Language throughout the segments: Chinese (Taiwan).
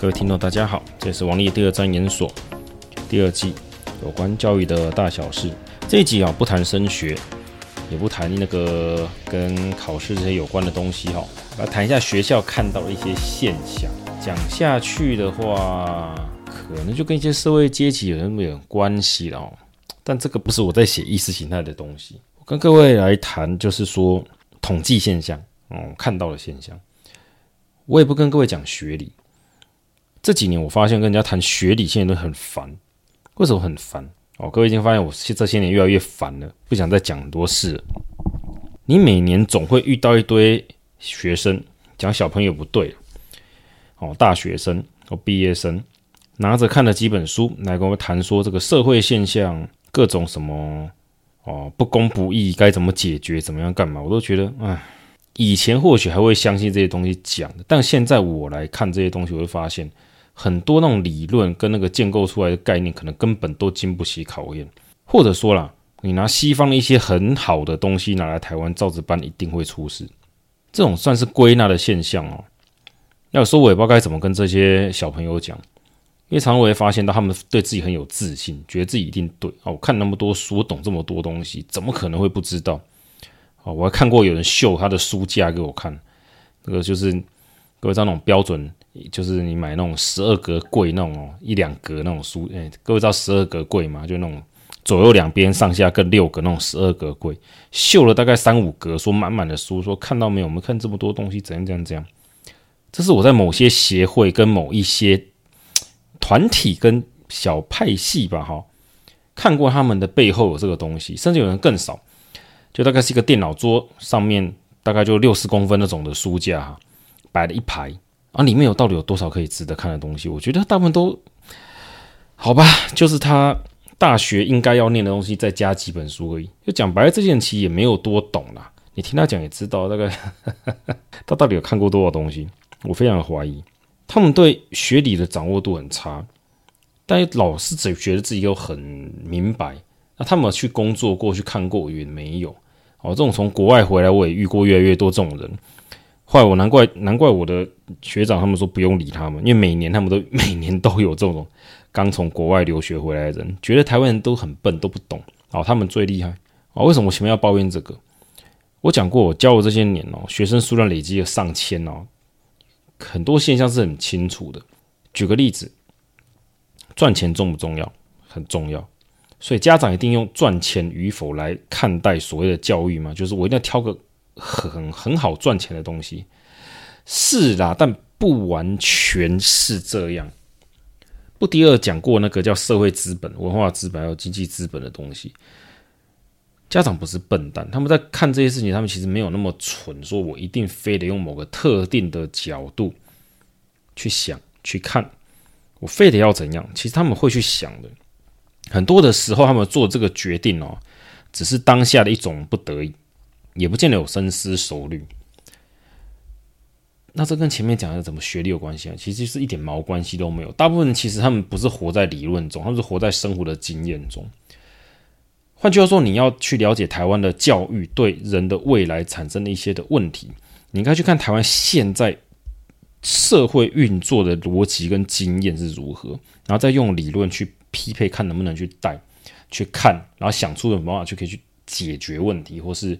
各位聽眾，大家好，這是王立第二戰研所第二季有關教育的大小事。這一集啊，不談升學，也不談那個跟考試這些有關的東西哈，來談一下學校看到的一些現象。講下去的話，可能就跟一些社會階級有那麼點關係哦。但這個不是我在寫意識形態的東西，我跟各位來談，就是說統計現象哦、嗯，看到的現象。我也不跟各位講學歷。這幾年我發現跟人家談學理現在都很煩，為什麼很煩？哦，各位已經發現我這些年越來越煩了，不想再講很多事了。你每年總會遇到一堆學生講小朋友不對，哦，大學生哦，畢業生拿着看了幾本書來跟我們談說這個社會現象各種什麼哦不公不義該怎麼解決怎麼樣幹嘛，我都覺得唉，以前或許還會相信這些東西講的，但現在我來看這些東西，我會發現。很多那種理論跟那個建構出來的概念，可能根本都經不起考驗，或者說啦，你拿西方的一些很好的東西拿來台灣照著搬，一定會出事。這種算是歸納的現象哦、喔。要說我也不知道該怎麼跟這些小朋友講。因為常常我也發現到他們對自己很有自信，覺得自己一定對哦。我看那麼多書，懂這麼多東西，怎麼可能會不知道？哦，我還看過有人秀他的書架給我看，那個就是。各位知道那種標準，就是你買那種十二格櫃那種哦，一兩格那種書。哎、欸，各位知道十二格櫃嘛？就那種左右兩邊上下各六格那種十二格櫃，秀了大概三五格，說滿滿的書，說看到沒有？我們看這麼多東西，怎樣怎樣怎樣。這是我在某些協會跟某一些團體跟小派系吧，哈，看過他們的背後有這個東西，甚至有人更少，就大概是一個電腦桌上面大概就六十公分那種的書架哈。擺了一排啊，裡面有到底有多少可以值得看的東西？我覺得大部分都好吧，就是他大學應該要念的東西，再加幾本書而已。就講白了，這件事，其實也沒有多懂啦。你聽他講也知道，大概 他到底有看過多少東西？我非常的懷疑，他們對學理的掌握度很差，但老師只覺得自己又很明白。那他們去工作過去看過也沒有哦。這種從國外回來，我也遇過越來越多這種人。壞，我難怪難怪我的學長他們說不用理他們，因為每年他們都每年都有這種剛從國外留學回來的人，覺得台灣人都很笨，都不懂，然後、哦、他們最厲害啊、哦，為什麼我前面要抱怨這個？我講過，我教我這些年哦，學生數量累積了上千哦，很多現象是很清楚的。舉個例子，賺錢重不重要？很重要，所以家長一定用賺錢與否來看待所謂的教育嘛，就是我一定要挑個。很很好賺錢的東西，是啦，但不完全是這樣。布迪厄講過那個叫社會資本、文化資本還有經濟資本的東西。家長不是笨蛋，他們在看這些事情，他們其實沒有那麼蠢，說我一定非得用某個特定的角度去想去看，我非得要怎樣？其實他們會去想的。很多的時候，他們做這個決定哦，只是當下的一種不得已。也不見得有深思熟慮，那這跟前面講的怎麼學歷有關係啊？其實是一點毛關係都沒有。大部分人其實他們不是活在理論中，他們是活在生活的經驗中。換句話說，你要去了解台灣的教育對人的未來產生的一些的問題，你應該去看台灣現在社會運作的邏輯跟經驗是如何，然後再用理論去匹配，看能不能去帶去看，然後想出什麼辦法就可以去解決問題，或是。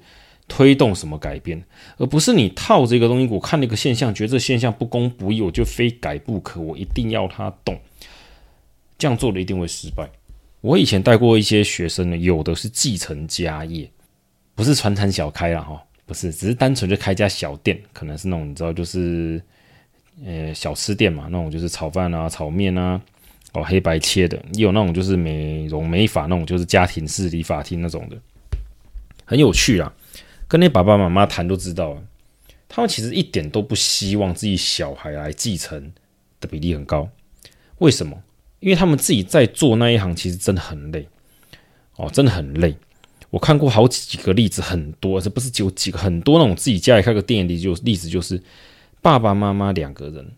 推動什麼改變，而不是你套這個東西。我看那個現象，覺得這現象不公不義，我就非改不可，我一定要它動。這樣做的一定會失敗。我以前帶過一些學生呢，有的是繼承家業，不是傳產小開了哈，不是，只是單純就開家小店，可能是那種你知道，就是呃小吃店嘛，那種就是炒飯啊、炒麵啊，哦黑白切的，也有那種就是美容美髮那種，就是家庭式理髮廳那種的，很有趣啊。跟那爸爸媽媽談都知道，他們其實一點都不希望自己小孩來繼承的比例很高。為什麼？因為他們自己在做那一行，其實真的很累，哦，真的很累。我看過好幾個例子，很多，這不是只有幾個，很多那種自己家裡開個店的例子，就，例子就是爸爸媽媽兩個人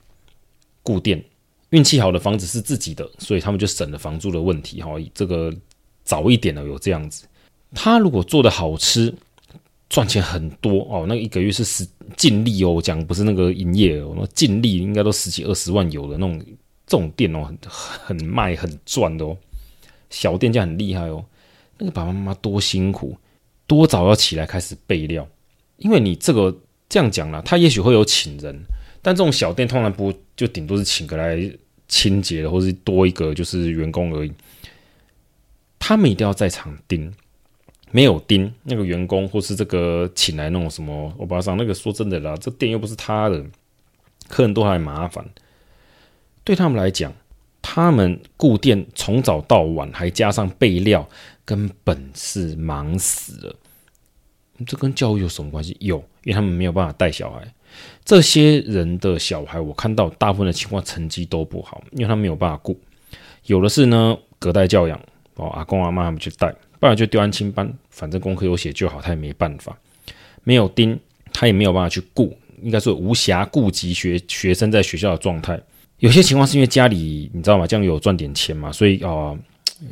顧店，運氣好的房子是自己的，所以他們就省了房租的問題。哈，這個早一點的有這樣子。他如果做的好吃，賺錢很多哦，那一個月是十淨利哦，我講不是那個營業哦，那淨利應該都十幾二十萬有的那種，這種店哦很很賣很賺的哦，小店家很厲害哦，那個爸爸媽媽多辛苦，多早要起來開始備料，因為你這個這樣講啦，他也許會有請人，但這種小店通常不就頂多是請個來清潔的，或是多一個就是員工而已，他們一定要在場盯。沒有盯那個員工，或是這個請來弄什麼歐巴桑。那個說真的啦，這店又不是他的，客人都還麻煩。對他們來講，他們顧店從早到晚，還加上備料，根本是忙死了。這跟教育有什麼關係？有，因為他們沒有辦法帶小孩。這些人的小孩，我看到大部分的情況成績都不好，因為他們沒有辦法顧。有的是呢，隔代教養哦，阿公阿媽他們去帶。不然就丟安親班，反正功課有寫就好，他也沒辦法。沒有盯，他也沒有辦法去顧，應該說無暇顧及學學生在學校的狀態。有些情況是因為家裡，你知道嗎？這樣有賺點錢嘛，所以啊、呃，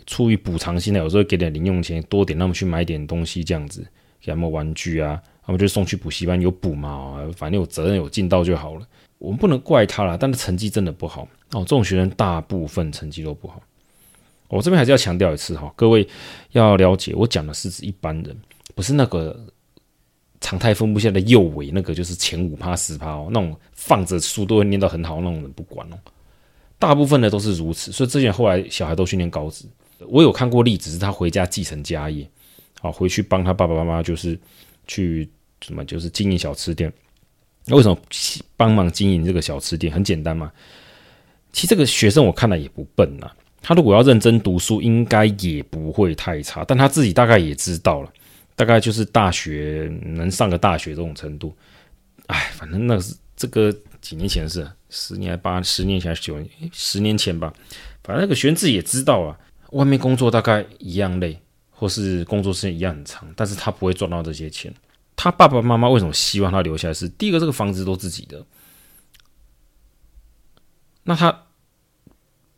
出於補償心態，有時候給點零用錢，多點，讓他們去買點東西，這樣子給他們玩具啊，他們就送去補習班，有補嘛、哦，反正有責任有盡到就好了。我們不能怪他了，但是成績真的不好哦。這種學生大部分成績都不好。我、哦、這邊還是要強調一次哈，各位要了解，我講的是指一般人，不是那個常態分布下的右尾那個，就是前五趴、十趴哦，那種放着書都會念到很好的那種人不管哦。大部分呢都是如此，所以之前後來小孩都去念高職。我有看過例子，是他回家繼承家業，啊，回去幫他爸爸媽媽就是去什麼，就是經營小吃店。那為什麼幫忙經營這個小吃店？很簡單嘛。其實這個學生我看了也不笨吶、啊。他如果要認真讀書，應該也不會太差，但他自己大概也知道了，大概就是大學能上個大學這種程度。哎，反正那是這個幾年前的事，十年八十年前還是九年十年前吧。反正那個學生自己也知道啊，外面工作大概一樣累，或是工作時間一樣很長，但是他不會賺到這些錢。他爸爸媽媽為什麼希望他留下來是，是第一個，這個房子都是自己的，那他。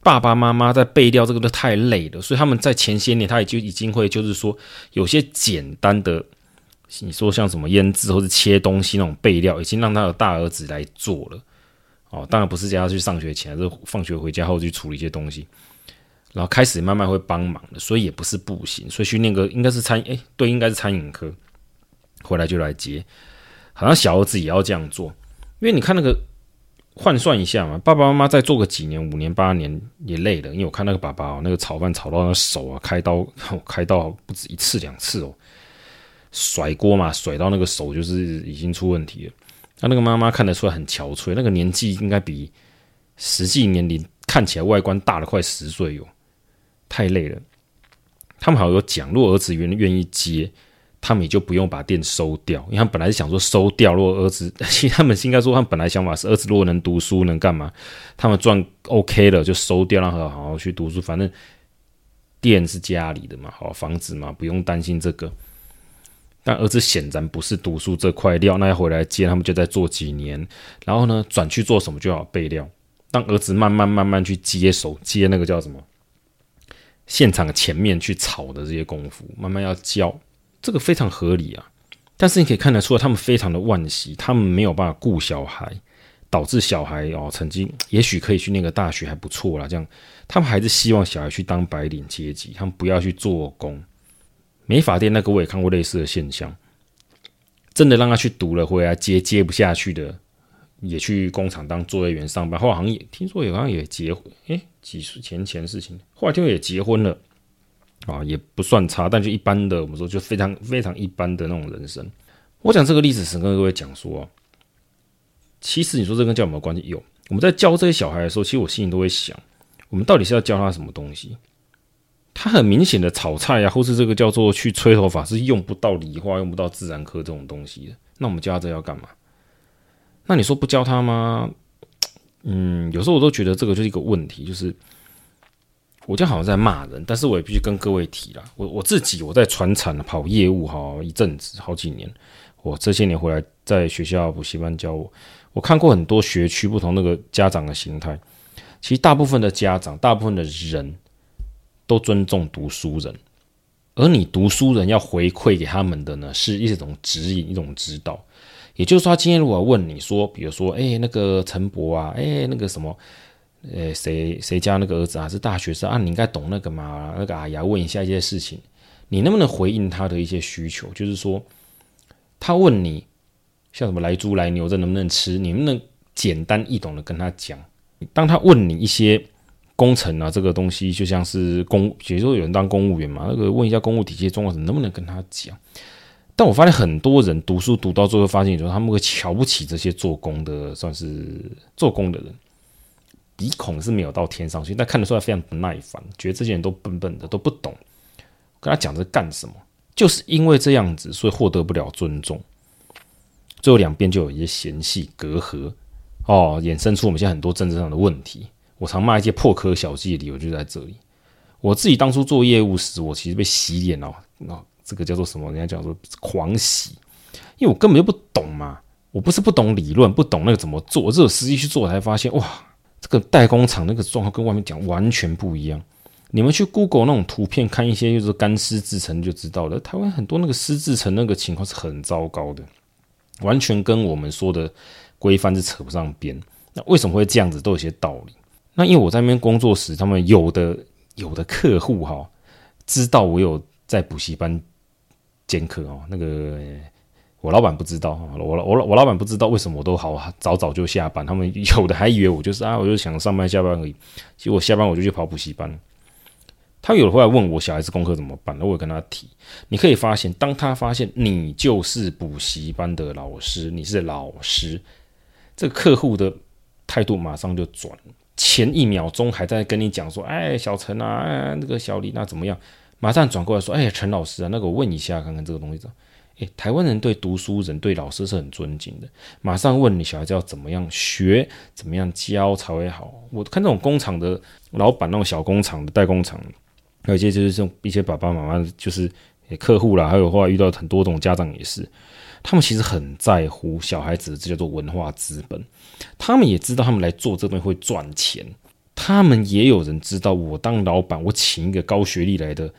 爸爸媽媽在備料這個都太累了，所以他們在前些年他也就已經會，就是說有些簡單的，你說像什麼醃製或是切東西那種備料，已經讓他的大兒子來做了。哦，當然不是叫他去上學前，是放學回家後去處理一些東西，然後開始慢慢會幫忙的，所以也不是不行。所以訓練科應該是餐，誒，對，應該是餐飲科，回來就來接。好像小兒子也要這樣做，因為你看那個。換算一下嘛，爸爸媽媽再做個幾年，五年八年也累的。因為我看那個爸爸、哦、那個炒飯炒到那手啊，開刀，開刀不止一次兩次哦，甩鍋嘛，甩到那個手就是已經出問題了。那、啊、那個媽媽看得出來很憔悴，那個年紀應該比實際年齡看起來外觀大了快十歲喲、哦，太累了。他們好像有講，若兒子願意接。他們也就不用把店收掉，因為他們本來是想說收掉。如果兒子，其實他們應該說，他們本來想法是，兒子如果能讀書，能幹嘛？他們賺 OK 了就收掉，讓他好好去讀書。反正店是家裡的嘛，好房子嘛，不用擔心這個。但兒子顯然不是讀書這塊料，那要回來接，他們就再做幾年，然後呢，轉去做什麼就要備料。當兒子慢慢慢慢去接手，接那個叫什麼現場前面去炒的這些功夫，慢慢要教。這個非常合理啊，但是你可以看得出來，他們非常的惋惜，他們沒有辦法顧小孩，導致小孩哦，曾經也許可以去那個大學還不錯啦，這樣他們還是希望小孩去當白領階級，他們不要去做工。美髮店那個我也看過類似的現象，真的讓他去讀了，回來接接不下去的，也去工廠當作業員上班，後來好像也聽說，好像也結婚，哎，幾十前前事情，後來聽說也結婚了。啊，也不算差，但就一般的，我們說就非常非常一般的那種人生。我講這個例子，是跟各位都會講說，其實你說這跟教有沒有關係？有。我們在教這些小孩的時候，其實我心裡都會想，我們到底是要教他什麼東西？他很明顯的炒菜啊，或是這個叫做去吹頭髮，是用不到理化，用不到自然科這種東西的。那我們教他這要幹嘛？那你說不教他嗎？嗯，有時候我都覺得這個就是一個問題，就是。我就好像在罵人，但是我也必須跟各位提了，我我自己我在傳產跑業務好一陣子，好幾年，我這些年回來在學校補習班教我，我看過很多學區不同那個家長的心態，其實大部分的家長，大部分的人都尊重讀書人，而你讀書人要回饋給他們的呢，是一種指引，一種指導，也就是說，今天如果問你說，比如說，誒、欸、那個陳博啊，誒、欸、那個什麼。呃，誰誰家那個兒子啊是大學生啊？你應該懂那個嘛？那個啊呀，問一下一些事情，你能不能回應他的一些需求？就是說，他問你像什麼來豬來牛這能不能吃？你能不能簡單易懂的跟他講？當他問你一些工程啊這個東西，就像是公比如說有人當公務員嘛，那個問一下公務體系狀況，能不能跟他講？但我發現很多人讀書讀到最後，發現時候他們會瞧不起這些做工的，算是做工的人。鼻孔是沒有到天上去，但看得出來非常不耐煩，覺得這些人都笨笨的，都不懂。跟他講這幹什麼？就是因為這樣子，所以獲得不了尊重。最後兩邊就有一些嫌隙隔閡，哦，衍生出我們現在很多政治上的問題。我常罵一些破殼小技的理由就在這裡。我自己當初做業務時，我其實被洗臉哦，那這個叫做什麼？人家叫做狂洗，因為我根本就不懂嘛，我不是不懂理論，不懂那個怎麼做，我只有實際去做才發現，哇！這個代工廠那個狀況跟外面講完全不一樣，你們去 Google 那種圖片看一些，就是乾濕制程就知道了。台灣很多那個濕制程那個情況是很糟糕的，完全跟我們說的規範是扯不上邊。那為什麼會這樣子，都有些道理。那因為我在那邊工作時，他們有的有的客戶哈、哦，知道我有在補習班兼課哦，那個。我老板不知道，我我我老板不知道為什麼我都好早早就下班，他們有的還以為我就是啊，我就想上班下班而已。其實我下班我就去跑補習班。他有的會來問我小孩子功課怎麼辦，我也跟他提。你可以發現，當他發現你就是補習班的老師，你是老師，這個客戶的態度馬上就轉。前一秒鐘還在跟你講說：“哎，小陳啊，那個小李那怎麼樣？”馬上轉過來說：“哎，陳老師啊，那個我問一下，看看這個東西。”欸，台灣人對讀書人、對老師是很尊敬的。馬上問你小孩子要怎麼樣學，怎麼樣教才會好。我看這種工廠的老板，那種小工廠的代工廠，還有一些就是這種一些爸爸媽媽，就是，欸，客戶啦，還有後來遇到很多種家長也是，他們其實很在乎小孩子的這叫做文化資本。他們也知道他們來做這邊會賺錢。他們也有人知道，我當老板，我請一個高學歷來的，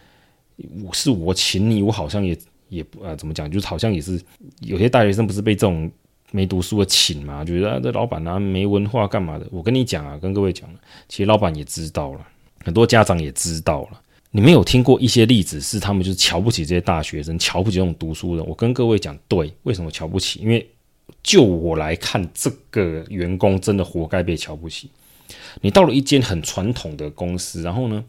我是我請你，我好像也。也不啊，怎麼講？就好像也是有些大學生不是被這種沒讀書的請嘛？覺得、啊、這老板啊沒文化幹嘛的？我跟你講啊，跟各位講，其實老板也知道了，很多家長也知道了。你們有聽過一些例子是他們就是瞧不起這些大學生，瞧不起這種讀書的？我跟各位講，對，為什麼瞧不起？因為就我來看，這個員工真的活該被瞧不起。你到了一間很傳統的公司，然後呢？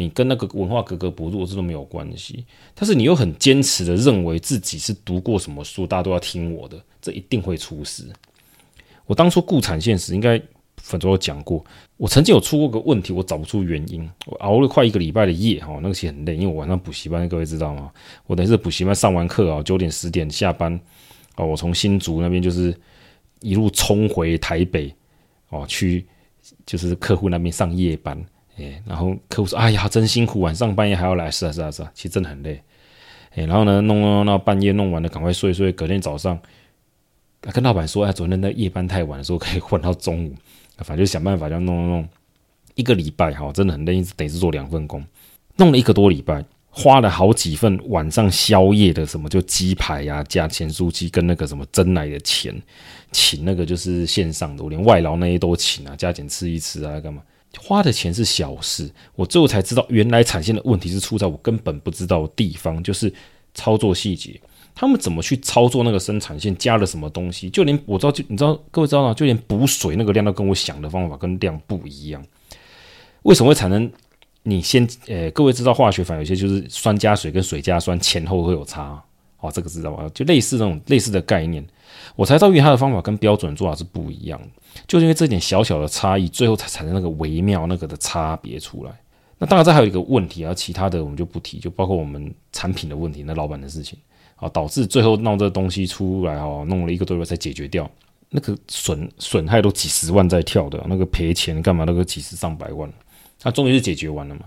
你跟那個文化格格不入，這都沒有關係。但是你又很堅持的認為自己是讀過什麼書，大家都要聽我的，這一定會出事。我當初顧產線時應該粉專有講過，我曾經有出過個問題，我找不出原因，我熬了快一個禮拜的夜，那個期很累，因為我晚上補習班，各位知道嗎？我等於是補習班上完課啊，九點十點下班，我從新竹那邊就是一路衝回台北哦，去就是客戶那邊上夜班。哎，然後客戶說：“哎呀，真辛苦，晚上半夜還要來，是啊，是啊，是啊，其實真的很累。”哎，然後呢，弄弄弄到半夜弄完了，趕快睡一睡，隔天早上，啊、跟老闆說：“哎、啊，昨天那夜班太晚，說可以換到中午。啊”反正就想辦法就弄弄，一個禮拜哈、哦，真的很累，一直是做兩份工，弄了一個多禮拜，花了好幾份晚上宵夜的什麼，就雞排呀、啊、加錢酥雞跟那個什麼珍奶的錢，請那個就是線上的，我連外勞那些都請啊，加錢吃一吃啊，幹嘛？花的錢是小事，我最後才知道，原來產線的問題是出在我根本不知道的地方，就是操作細節，他們怎麼去操作那個生產線，加了什麼東西，就連我知道，就你知道，各位知道嗎？就連補水那個量都跟我想的方法跟量不一樣，為什麼會產生？你先，呃，各位知道化學反應有些就是酸加水跟水加酸前後會有差啊，哦，這個知道嗎？就類似這種類似的概念。我才知道，因為他的方法跟標準的做法是不一樣，就是因為這點小小的差異，最後才產生那個微妙那個的差別出來。那當然，這還有一個問題啊，其他的我們就不提，就包括我們產品的問題，那老闆的事情啊，導致最後鬧這個東西出來哦、啊，弄了一個多月才解決掉，那個損損害都幾十萬在跳的、啊、那個賠錢幹嘛，那個幾十上百萬，那終於是解決完了嘛？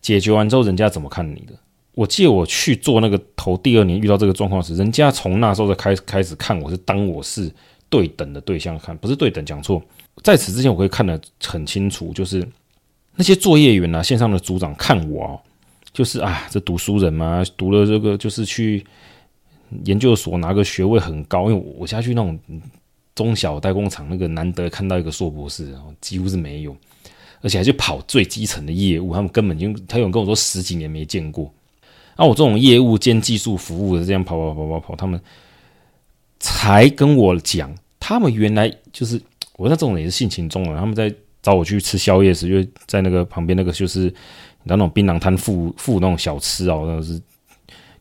解決完之後，人家怎麼看你的？我記得我去做那個頭第二年遇到這個狀況時，人家從那時候的開開始看我是當我是對等的對象看，不是對等講錯。在此之前，我可以看得很清楚，就是那些作業員啊，線上的組長看我就是啊，這讀書人嘛，讀了這個就是去研究所拿個學位很高，因為我下去那種中小代工廠，那個難得看到一個碩博士，幾乎是沒有，而且還去跑最基層的業務，他們根本就，他有跟我說十幾年沒見過。那、啊、我這種業務兼技術服務的這樣跑跑跑跑跑，他們才跟我講，他們原來就是我在這種人也是性情中人，他們在找我去吃宵夜時，就在那個旁邊那個就是你那種檳榔攤附附那種小吃哦，那、就是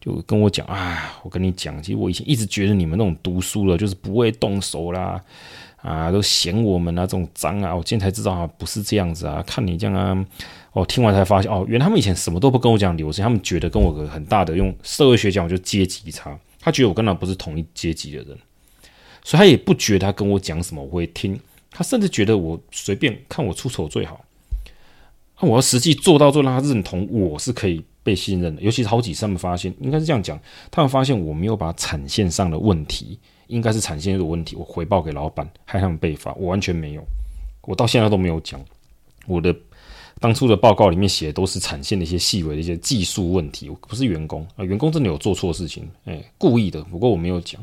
就跟我講，啊，我跟你講，其實我以前一直覺得你們那種讀書的就是不會動手啦，啊，都嫌我們啊這種髒啊，我今天才知道啊不是這樣子啊，看你這樣啊。我、哦、聽完才發現，哦，原來他們以前什麼都不跟我講理由，是他們覺得跟我有很大的用社會學講，我就階級差，他覺得我跟他不是同一階級的人，所以他也不覺得他跟我講什麼我會聽，他甚至覺得我隨便看我出醜最好。那我要實際做到做，讓他認同我是可以被信任的。尤其是好幾次他們發現，應該是這樣講，他們發現我沒有把產線上的問題，應該是產線的問題，我回報給老闆，害他們被罰，我完全沒有，我到現在都沒有講我的。當初的報告裡面寫的都是產線的一些細微的一些技術問題，我不是員工啊、呃，員工真的有做錯事情，哎、欸，故意的。不過我沒有講，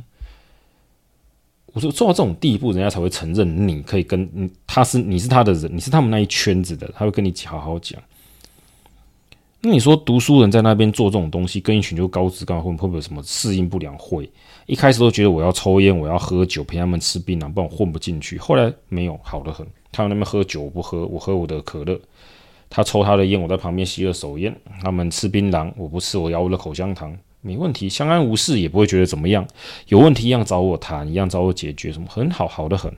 我說做到這種地步，人家才會承認。你可以跟你、嗯、他是你是他的人，你是他們那一圈子的，他會跟你好好講。那你說讀書人在那邊做這種東西，跟一群就高知高部會不會有什麼適應不良會？會一開始都覺得我要抽煙，我要喝酒，陪他們吃檳榔，不然我混不進去。後來沒有，好得很。他們那邊喝酒我不喝，我喝我的可樂。他抽他的煙，我在旁邊吸二手菸。他們吃檳榔，我不吃，我咬我的口香糖，沒問題，相安無事，也不會覺得怎麼樣。有問題一樣找我談，一樣找我解決，什麼很好，好得很。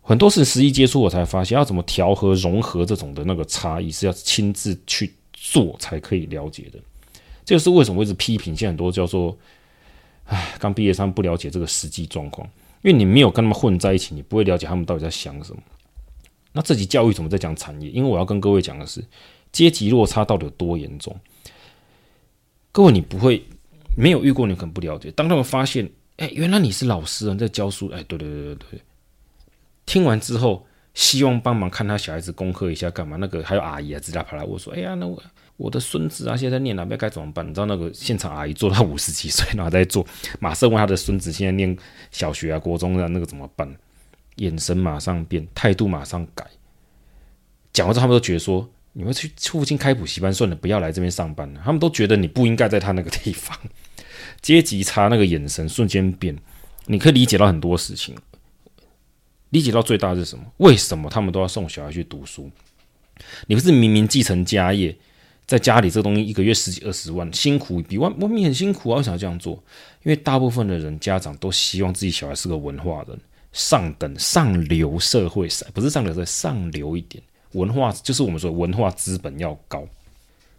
很多次實際接觸，我才發現要怎麼調和融合這種的那個差異，是要親自去做才可以了解的。這個是為什麼一直批評現在很多叫做，唉，剛畢業生不了解這個實際狀況，因為你沒有跟他們混在一起，你不會了解他們到底在想什麼。那這集教育怎麼在講產業？因為我要跟各位講的是階級落差到底有多嚴重。各位，你不會沒有遇過，你可能不了解。當他們發現，哎、欸，原來你是老師，你在教書，哎、欸，對對對對對。聽完之後，希望幫忙看他小孩子功課一下，幹嘛？那個還有阿姨啊，直來跑來，我說，哎呀，那我我的孫子啊，現在在念哪邊該怎麼辦？你知道那個現場阿姨做到五十幾歲，然後再做，馬上問他的孫子現在念小學啊、國中啊，那個怎麼辦？眼神馬上變，態度馬上改。講完之後，他們都覺得說：“你們去附近開補習班算了，不要來這邊上班了。”他們都覺得你不應該在他那個地方。階級差，那個眼神瞬間變。你可以理解到很多事情。理解到最大的是什麼？為什麼他們都要送小孩去讀書？你不是明明繼承家業，在家裡這東西一個月十幾二十萬，辛苦比外外面很辛苦啊？為什麼要這樣做？因為大部分的人家長都希望自己小孩是個文化人。上等上流社會，不是上流社會，上流一點，文化，就是我們說的文化資本要高。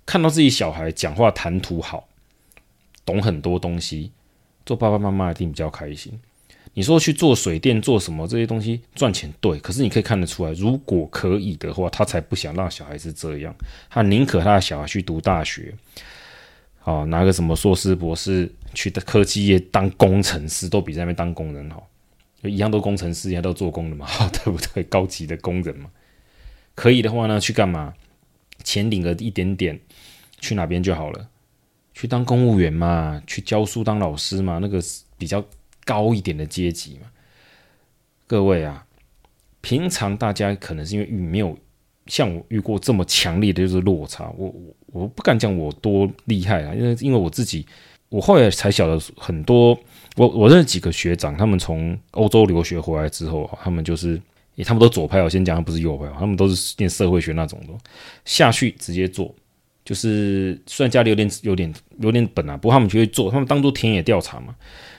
看到自己小孩講話談吐好，懂很多東西，做爸爸媽媽一定比較開心。你說去做水電做什麼？這些東西賺錢對，可是你可以看得出來，如果可以的話，他才不想讓小孩是這樣，他寧可他的小孩去讀大學，好、哦、拿個什麼碩士博士去的科技業當工程師，都比在那邊當工人好。一樣都工程師，一樣都做工的嘛，對不對？高級的工人嘛，可以的話呢，去幹嘛？錢領了一點點，去哪邊就好了？去當公務員嘛，去教書當老師嘛，那個比較高一點的階級嘛。各位啊，平常大家可能是因為遇沒有像我遇過這麼強烈的，就是落差。我我我不敢講我多厲害啊，因為因為我自己，我後來才曉得很多。我我認識幾個學長，他們從歐洲留學回來之後，他們就是，欸、他們都左派。我先講他不是右派，他們都是念社會學那種的，下去直接做，就是雖然家裡有點有點有點本啊，不過他們就會做，他們當做田野調查嘛，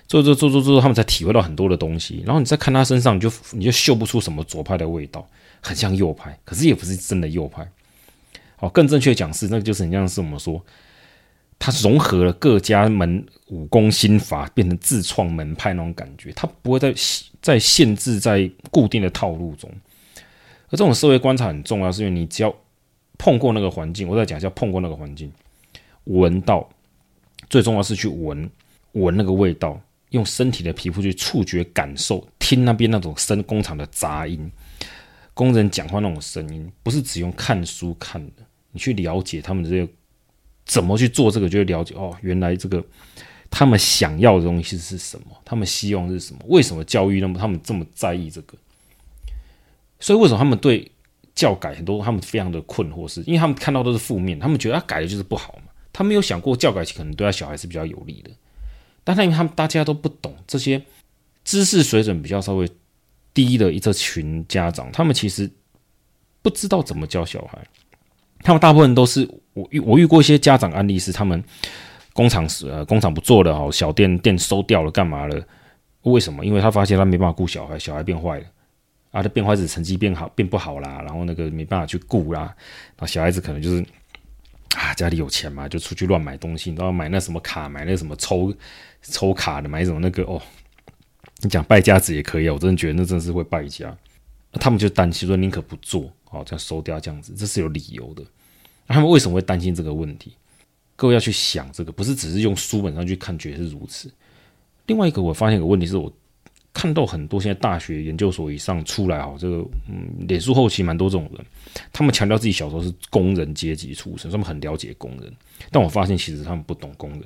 做做做做做，他們才體會到很多的東西。然後你再看他身上，你就你就嗅不出什麼左派的味道，很像右派，可是也不是真的右派。好，更正確的講是，那個就是很像是我們說。它融合了各家門武功心法，變成自創門派那種感覺。它不會再再限制在固定的套路中。而這種社會觀察很重要，是因為你只要碰過那個環境，我再講一下，碰過那個環境，聞到最重要是去聞聞那個味道，用身體的皮膚去觸覺感受，聽那邊那種聲工廠的雜音，工人講話那種聲音，不是只用看書看的，你去了解他們的這個。怎麼去做這個，就會了解哦。原來這個他們想要的東西是什麼，他們希望是什麼？為什麼教育那麼他們這麼在意這個？所以為什麼他們對教改很多他們非常的困惑是，是因為他們看到都是負面，他們覺得他改的就是不好嘛，他沒有想過教改其實可能對他小孩是比較有利的。但是因為他們大家都不懂這些知識水準比較稍微低的一這群家長，他們其實不知道怎麼教小孩。他們大部分都是我遇我遇過一些家長案例是他們工廠是呃工廠不做了哦，小店店收掉了幹嘛了，為什麼？因為他發現他沒辦法顧小孩，小孩變壞了啊，他變壞子成績變好變不好啦，然後那個沒辦法去顧啦啊，小孩子可能就是啊家裡有錢嘛，就出去亂買東西，然後買那什麼卡，買那什麼抽抽卡的，買什麼那個哦，你講敗家子也可以，啊，我真的覺得那真的是會敗家，他們就擔心說寧可不做哦，這樣收掉這樣子，這是有理由的。他們為什麼會擔心這個問題？各位要去想這個，不是只是用書本上去看，覺得是如此。另外一個，我發現一個問題是，是我看到很多現在大學研究所以上出來，哈，這個嗯，臉書後期蠻多這種人，他們強調自己小時候是工人階級出身，所以他們很了解工人，但我發現其實他們不懂工人，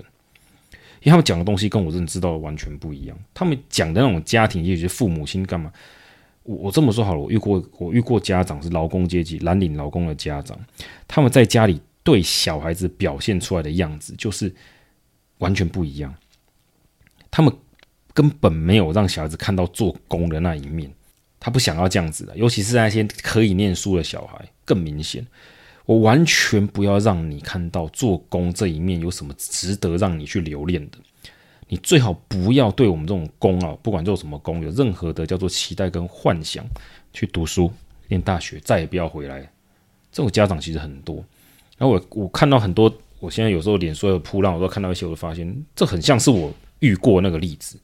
因為他們講的東西跟我認知到的完全不一樣。他們講的那種家庭，也就是父母親幹嘛？我這麼說好了，我遇過，我遇過家長是勞工階級、藍領勞工的家長，他們在家裡對小孩子表現出來的樣子就是完全不一樣。他們根本沒有讓小孩子看到做工的那一面，他不想要這樣子的。尤其是那些可以念書的小孩，更明顯。我完全不要讓你看到做工這一面有什麼值得讓你去留戀的。你最好不要對我們這種工啊，不管做什麼工，有任何的叫做期待跟幻想，去讀書念大學，再也不要回來。這種家長其實很多。然後我我看到很多，我現在有時候臉書有撲浪我都看到一些，我都發現這很像是我遇過那個例子。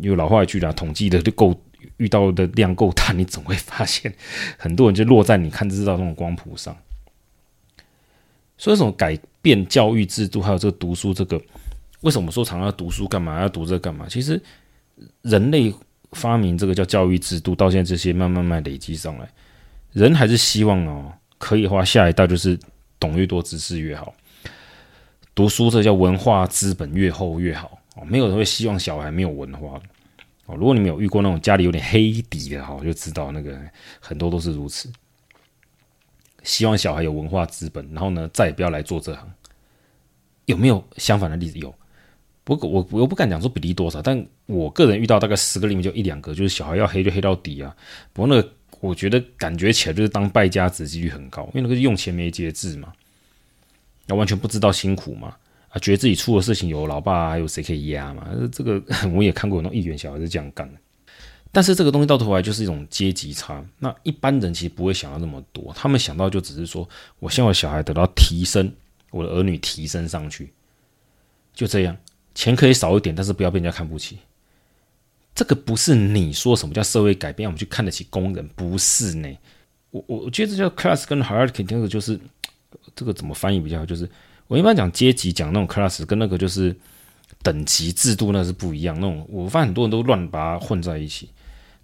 有老話一句啊，統計的就夠，遇到的量夠大，你總會發現很多人就落在你看日照這種光譜上。所以，這種改變教育制度，還有這個讀書這個。為什麼說常常要讀書幹嘛？要讀這幹嘛？其實人類發明這個叫教育制度，到現在這些慢慢慢慢累積上來，人還是希望哦，可以的話下一代就是懂越多知識越好。讀書這叫文化資本越厚越好哦。沒有人會希望小孩沒有文化的哦。如果你們有遇過那種家裡有點黑底的哈，就知道那個很多都是如此。希望小孩有文化資本，然後呢，再也不要來做這行。有沒有相反的例子？有。不過我我我不敢講說比例多少，但我個人遇到大概十個裡面就一兩個，就是小孩要黑就黑到底啊。不過那個我覺得感覺起來就是當敗家子幾率很高，因為那個是用錢沒節制嘛，那完全不知道辛苦嘛，啊，覺得自己出的事情有老爸還、啊、有誰可以壓嘛？這個我也看過，有那種議員小孩是這樣幹的。但是這個東西到頭來就是一種階級差，那一般人其實不會想到那麼多，他們想到就只是說我希望小孩得到提升，我的兒女提升上去，就這樣。錢可以少一點，但是不要被人家看不起。這個不是你說什麼叫社會改變，我們去看得起工人，不是呢。我我我覺得這叫 class 跟 hierarchy 肯定，那就是這個怎麼翻譯比較好？就是我一般講階級，講那種 class 跟那個就是等級制度，那是不一樣。那種我發現很多人都亂把它混在一起。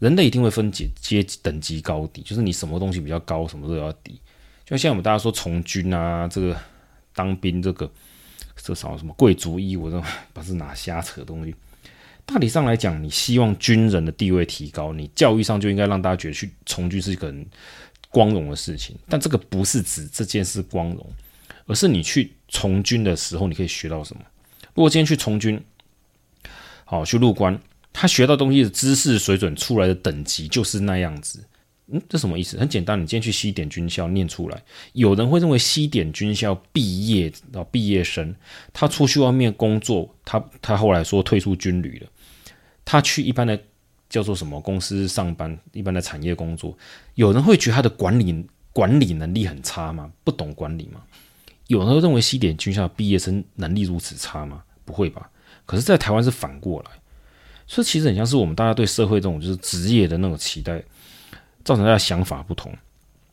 人類一定會分解階級、等級高低，就是你什麼東西比較高，什麼都要低。就像我們大家說從軍啊，這個當兵這個。這少什麼貴族一，我這不是拿瞎扯的東西。大體上來講，你希望軍人的地位提高，你教育上就應該讓大家覺得去從軍是一個很光榮的事情。但這個不是指這件事光榮，而是你去從軍的時候，你可以學到什麼。如果今天去從軍，好去入關，他學到東西的知識水準出來的等級就是那樣子。嗯，這什麼意思？很簡單，你今天去西點軍校念出來，有人會認為西點軍校畢業畢業生，他出去外面工作，他他後來說退出軍旅了，他去一般的叫做什麼公司上班，一般的產業工作，有人會覺得他的管理管理能力很差嗎？不懂管理嗎？有人會認為西點軍校畢業生能力如此差嗎？不會吧？可是，在台灣是反過來，所以其實很像是我們大家對社會這種就是職業的那種期待，造成他的想法不同，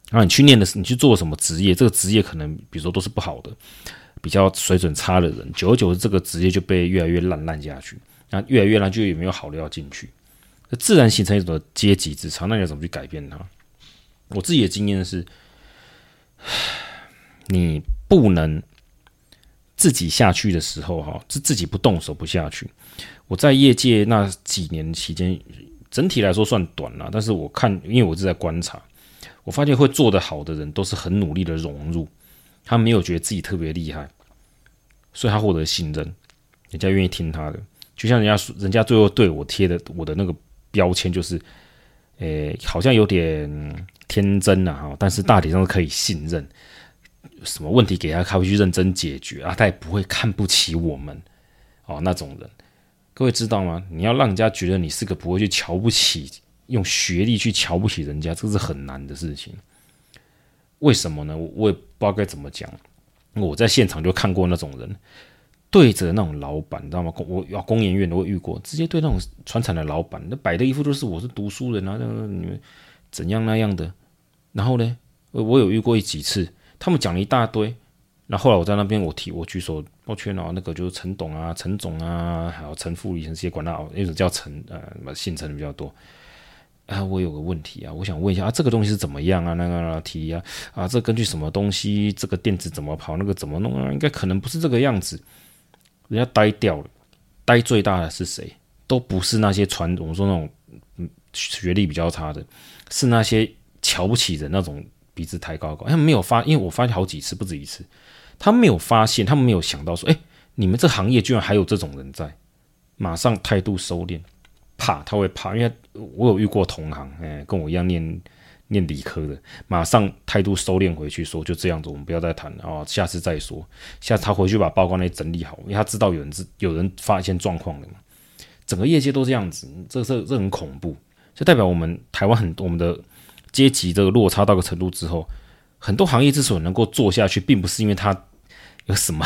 然後你去念的是你去做什麼職業，這個職業可能比如說都是不好的，比較水準差的人，久而久之這個職業就被越來越爛爛下去，那越來越爛，就也沒有好的要進去，那自然形成一種階級之差。那你怎麼去改變它？我自己的經驗是，你不能自己下去的時候，哈，自自己不動手不下去。我在業界那幾年期間。整體來說算短了，但是我看，因為我是在觀察，我發現會做得好的人都是很努力的融入，他沒有覺得自己特別厲害，所以他獲得信任，人家願意聽他的。就像人家，人家最後對我貼的我的那個標籤就是，誒，好像有點天真吶、啊、哈，但是大體上是可以信任，什麼問題給他他會去認真解決啊，他也不會看不起我們，啊，那種人。各位知道嗎？你要讓人家覺得你是個不會去瞧不起、用學歷去瞧不起人家，這是很難的事情。為什麼呢？我，我也不知道該怎麼講。我在現場就看過那種人，對着那種老板，你知道嗎？我我、啊、工研院都有遇過，直接對那種傳產的老板，那擺的一副都是我是讀書人啊，那個你們怎樣那樣的。然後呢，我，我有遇過一幾次，他們講了一大堆。然後後來我在那邊，我提我舉手。抱歉哦，那個就是陳董啊、陳總啊，還有陳副理這些管他哦，那種叫陳呃什麼姓陳的比較多。啊，我有個問題啊，我想問一下啊，這個東西是怎麼樣啊？那個題啊啊，這根據什麼東西？這個電子怎麼跑？那個怎麼弄？啊？應該可能不是這個樣子。人家呆掉了，呆最大的是誰？都不是那些傳統我們說那種嗯學歷比較差的，是那些瞧不起人那種鼻子抬高高。哎，沒有發，因為我發現好幾次，不止一次。他沒有發現，他們沒有想到說：“哎、欸，你們這行業居然還有這種人在。”馬上態度收斂，怕他會怕，因為我有遇過同行，哎、欸，跟我一樣念念理科的，馬上態度收斂回去，說：“就這樣子，我們不要再談了，哦，下次再說。”下次他回去把報告那些整理好，因為他知道有人自有人發現狀況了嘛。整個業界都這樣子，這是這是這很恐怖，就代表我們台灣很多我們的階級這個落差到一個程度之後，很多行業之所以能夠做下去，並不是因為他。為什麼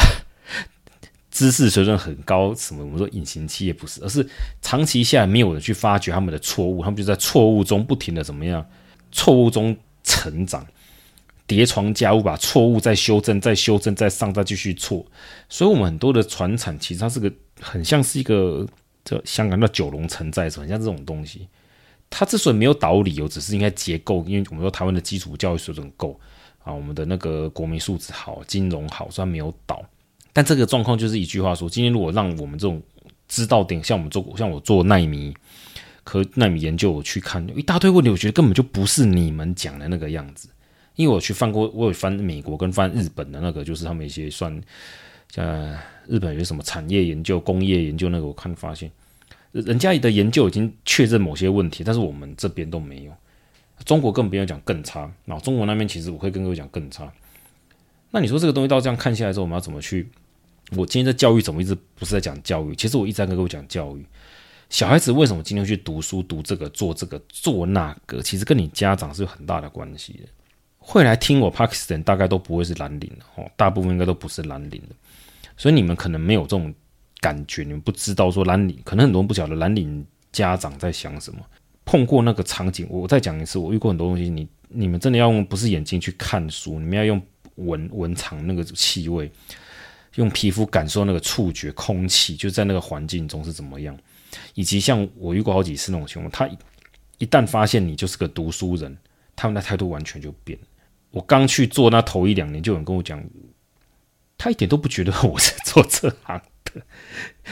知識水準很高？什麼？我們說隱形期也不是，而是長期下來沒有人去發覺他們的錯誤，他們就在錯誤中不停的怎麼樣？錯誤中成長，疊床架屋吧，錯誤再修正，再修正，再上，再繼續錯。所以，我們很多的傳產其實它是個很像是一個這香港的九龍城寨，很像這種東西。它之所以沒有倒、哦，理由只是應該結構，因為我們說台灣的基礎教育水準夠。啊，我們的那個國民素質好，金融好，雖然沒有倒，但這個狀況就是一句話說：今天如果讓我們這種知道點，像我們做像我做奈米可奈米研究，我去看一大堆問題，我覺得根本就不是你們講的那個樣子。因為我去翻過，我有翻美國跟翻日本的那個，就是他們一些算，像日本有什麼產業研究、工業研究那個，我看發現人家的研究已經確認某些問題，但是我們這邊都沒有。中國更不要講更差，然後中國那邊其實我會跟各位講更差。那你說這個東西到這樣看下來之後，我們要怎麼去？我今天在教育怎麼一直不是在講教育？其實我一直在跟各位講教育。小孩子為什麼今天去讀書、讀這個、做這個、做那個？其實跟你家長是有很大的關係的。會來聽我 Podcast 大概都不會是藍領的哦，大部分應該都不是藍領的，所以你們可能沒有這種感覺，你們不知道說藍領可能很多人不曉得藍領家長在想什麼。碰過那個場景，我再講一次，我遇過很多東西。你你們真的要用不是眼睛去看書，你們要用聞聞嚐那個氣味，用皮膚感受那個觸覺，空氣就在那個環境中是怎麼樣，以及像我遇過好幾次那種情況，他一，一旦發現你就是個讀書人，他們的態度完全就變了。我剛去做那頭一兩年，就有人跟我講，他一點都不覺得我在做這行的，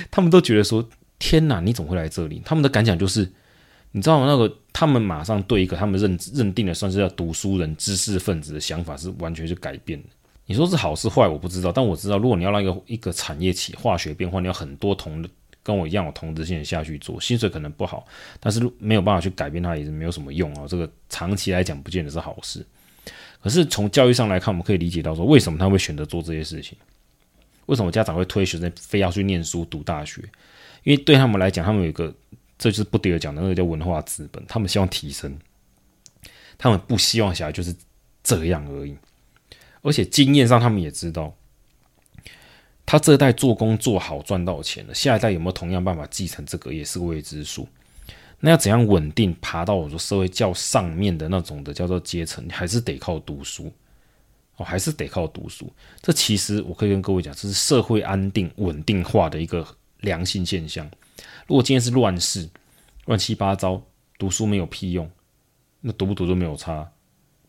他們都覺得說：“天哪、啊，你怎麼會來這裡？”他們的感想就是。你知道那個，他們馬上對一個他們認認定的，算是要讀書人、知識分子的想法是完全是改變的。你說是好是壞，我不知道，但我知道，如果你要讓一個一個產業起化學變化，你要很多同跟我一樣的同質性的下去做，薪水可能不好，但是沒有辦法去改變它也是沒有什麼用啊。這個長期來講不見得是好事。可是從教育上來看，我們可以理解到說，為什麼他會選擇做這些事情，為什麼家長會推學生非要去念書、讀大學，因為對他們來講，他們有一個。這就是布迪厄講的，那個叫文化資本，他們希望提升，他們不希望小孩就是這樣而已。而且經驗上，他們也知道，他這代做工做好賺到錢了，下一代有沒有同樣辦法繼承這個也是未知數。那要怎樣穩定爬到我說社會較上面的那種的叫做階層，還是得靠讀書，哦，還是得靠讀書。這其實我可以跟各位講，這是社會安定穩定化的一個良性現象。如果今天是亂世，亂七八糟，讀書沒有屁用，那讀不讀都沒有差。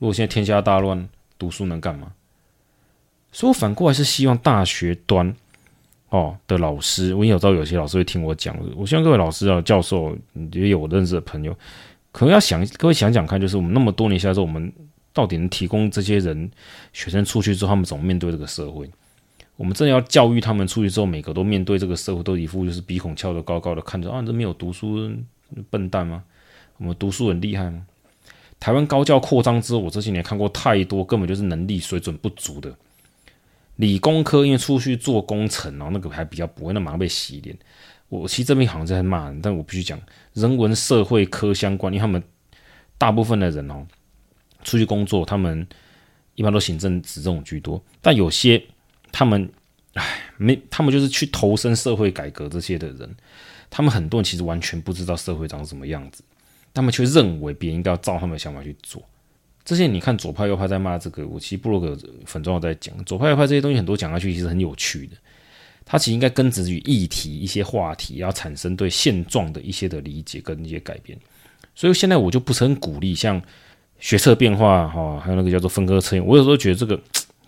如果現在天下大亂，讀書能幹嘛？所以我反過來是希望大學端哦的老師，我也知道有些老師會聽我講。我希望各位老師啊、教授，也有我認識的朋友，可能要想各位想想看，就是我們那麼多年下來之後，我們到底能提供這些人學生出去之後，他們怎麼面對這個社會？我們真的要教育他們出去之後，每個都面對這個社會都一副就是鼻孔翹得高高的看著，看着啊，你這沒有讀書笨蛋嗎？我們讀書很厲害嗎？台灣高教擴張之後，我這些年看過太多，根本就是能力水準不足的。理工科因為出去做工程，然後那個還比較不會，那馬上被洗臉。我其實這邊好像在罵人，但我必須講，人文社會科相關，因為他們大部分的人哦，出去工作，他們一般都行政職這種居多，但有些。他們，哎，沒，他們就是去投身社會改革這些的人，他們很多人其實完全不知道社會長什麼樣子，他們卻認為別人應該要照他們的想法去做。這些你看左派右派在罵這個，我其實部落格粉狀在講左派右派這些東西，很多講下去其實很有趣的。他其實應該根植於議題、一些話題，要產生對現狀的一些的理解跟一些改變。所以現在我就不是很鼓勵像學測變化哈，還有那個叫做分科測驗，我有時候覺得這個。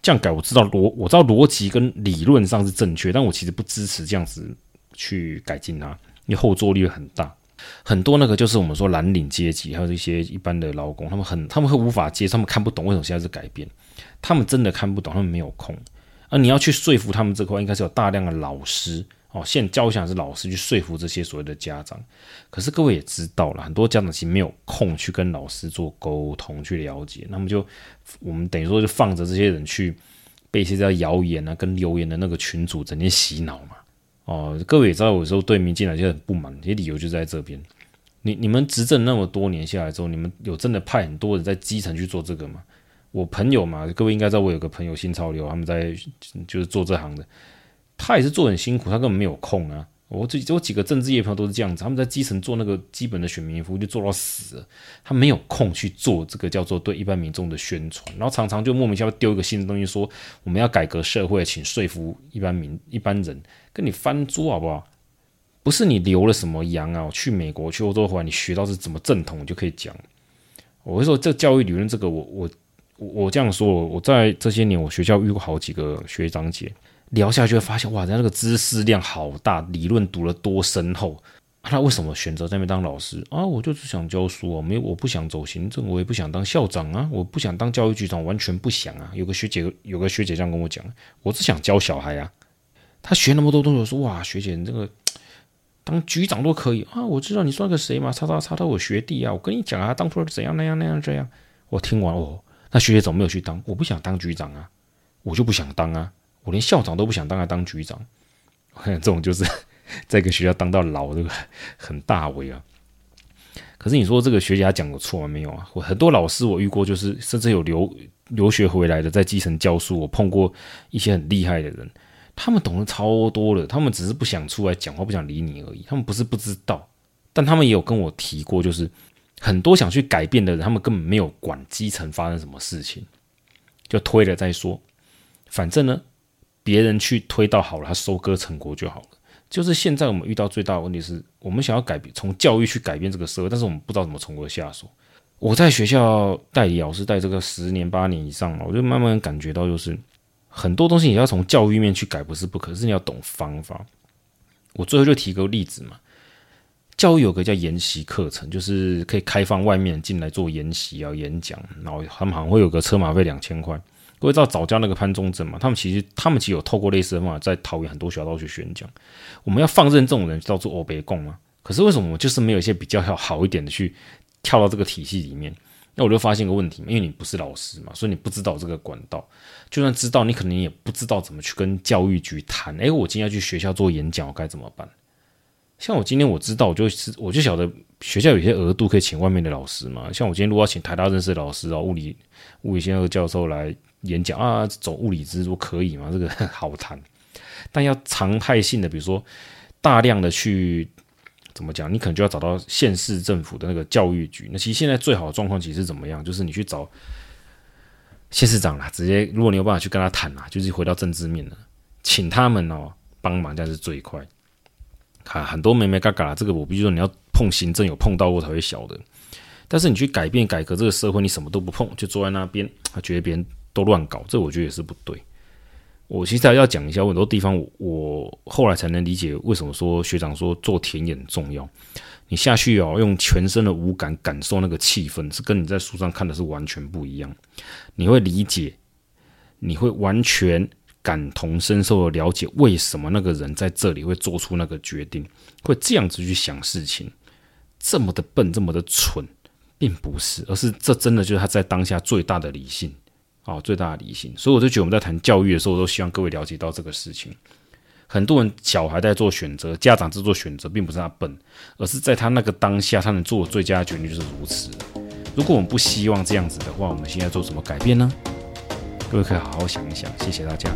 這樣改我知道邏我知道邏輯跟理論上是正確，但我其實不支持這樣子去改進它，你後坐力很大，很多那個就是我們說藍領階級，還有一些一般的勞工，他們很他們會無法接受，他們看不懂為什麼現在是改變，他們真的看不懂，他們沒有空，而你要去說服他們這塊，應該是有大量的老師。哦，現在教想是老師去說服這些所謂的家長，可是各位也知道了，很多家長其實沒有空去跟老師做溝通、去了解，那麼就我們等於說就放着這些人去被一些在謠言啊、跟留言的那個群組整天洗腦嘛。哦，各位也知道，有時候對民進黨就很不滿，這些理由就在這邊。你、你們執政那麼多年下來之後，你們有真的派很多人在基層去做這個嗎？我朋友嘛，各位應該知道，我有個朋友新潮流，他們在就是做這行的。他也是做很辛苦，他根本沒有空啊！我最有幾個政治業朋友都是這樣子，他們在基層做那個基本的選民服務，就做到死，他沒有空去做這個叫做對一般民眾的宣傳。然後常常就莫名其妙丟一個新的東西，說我們要改革社會，請說服一般民一般人，跟你翻桌好不好？不是你留了什麼洋啊！我去美國去歐洲回來，你學到是怎麼正統，你就可以講。我會說這教育理論，這個我我我我這樣說，我在這些年我學校遇過好幾個學長姐。聊下去就會發現，哇，人家那個知識量好大，理論讀了多深厚。他、啊、為什麼選擇在那邊當老師啊？我就是想教書啊，沒有我不想走行政，我也不想當校長啊，我不想當教育局長，完全不想啊。有個學姐，有個學姐這樣跟我講，我只想教小孩啊。他學那麼多東西，我說哇，學姐你這個當局長都可以啊。我知道你算個誰嘛？他他他到我學弟啊，我跟你講啊，當初、er、怎樣那樣那樣這樣。我聽完哦，那學姐怎麼沒有去當？我不想當局長啊，我就不想當啊。我連校長都不想當，他當局長。這種就是在一個學校當到老，這個很大威啊。可是你說這個學者講過錯嗎？沒有啊。我很多老師我遇過，就是甚至有留留學回來的在基層教書，我碰過一些很厲害的人，他們懂得超多了。他們只是不想出來講話，不想理你而已。他們不是不知道，但他們也有跟我提過，就是很多想去改變的人，他們根本沒有管基層發生什麼事情，就推了再說。反正呢。別人去推到好了，他收割成果就好了。就是現在我們遇到最大的問題是我們想要改變，從教育去改變這個社會，但是我們不知道怎麼從何下手。我在學校代理老師帶這個十年八年以上了，我就慢慢感覺到，就是很多東西也要從教育面去改，不是不可，是你要懂方法。我最後就提一個例子嘛，教育有個叫研習課程，就是可以開放外面進來做研習啊，要演講，然後他們好像會有個車馬費兩千塊。會知道早教那個潘宗正嘛？他們其實他們其實有透過類似的方法在桃園很多學校去宣講。我們要放任這種人叫做歐北貢嗎？可是為什麼我就是沒有一些比較要好一點的去跳到這個體系裡面？那我就發現一個問題，因為你不是老師嘛，所以你不知道這個管道。就算知道，你可能也不知道怎麼去跟教育局談。誒、欸，我今天要去學校做演講，我該怎麼辦？像我今天我知道，我就是我就曉得學校有些額度可以請外面的老師嘛。像我今天如果要請台大認識的老師啊，物理物理系教授來。演講啊，走物理之路可以嗎？這個好談，但要常態性的，比如說大量的去怎麼講，你可能就要找到縣市政府的那個教育局。那其實現在最好的狀況，其實是怎麼樣？就是你去找縣市長啦，直接如果你有辦法去跟他談啦，就是回到政治面了，請他們哦、喔、幫忙，這樣是最快。看、啊、很多眉眉角角啦，這個我必須說，你要碰行政有碰到過才會曉得。但是你去改變改革這個社會，你什麼都不碰，就坐在那邊，他覺得別人。都亂搞，這我覺得也是不對。我現在要講一下，很多地方我，我後來才能理解為什麼說學長說做田野很重要。你下去哦，用全身的五感感受那個氣氛，是跟你在書上看的是完全不一樣。你會理解，你會完全感同身受的了解為什麼那個人在這裡會做出那個決定，會這樣子去想事情，這麼的笨，這麼的蠢，並不是，而是這真的就是他在當下最大的理性。啊、哦，最大的理性，所以我就覺得我們在談教育的時候，我都希望各位了解到這個事情。很多人小孩在做選擇，家長在做選擇，並不是他笨，而是在他那個當下，他能做的最佳的決定就是如此。如果我們不希望這樣子的話，我們現在做什麼改變呢？各位可以好好想一想，謝謝大家。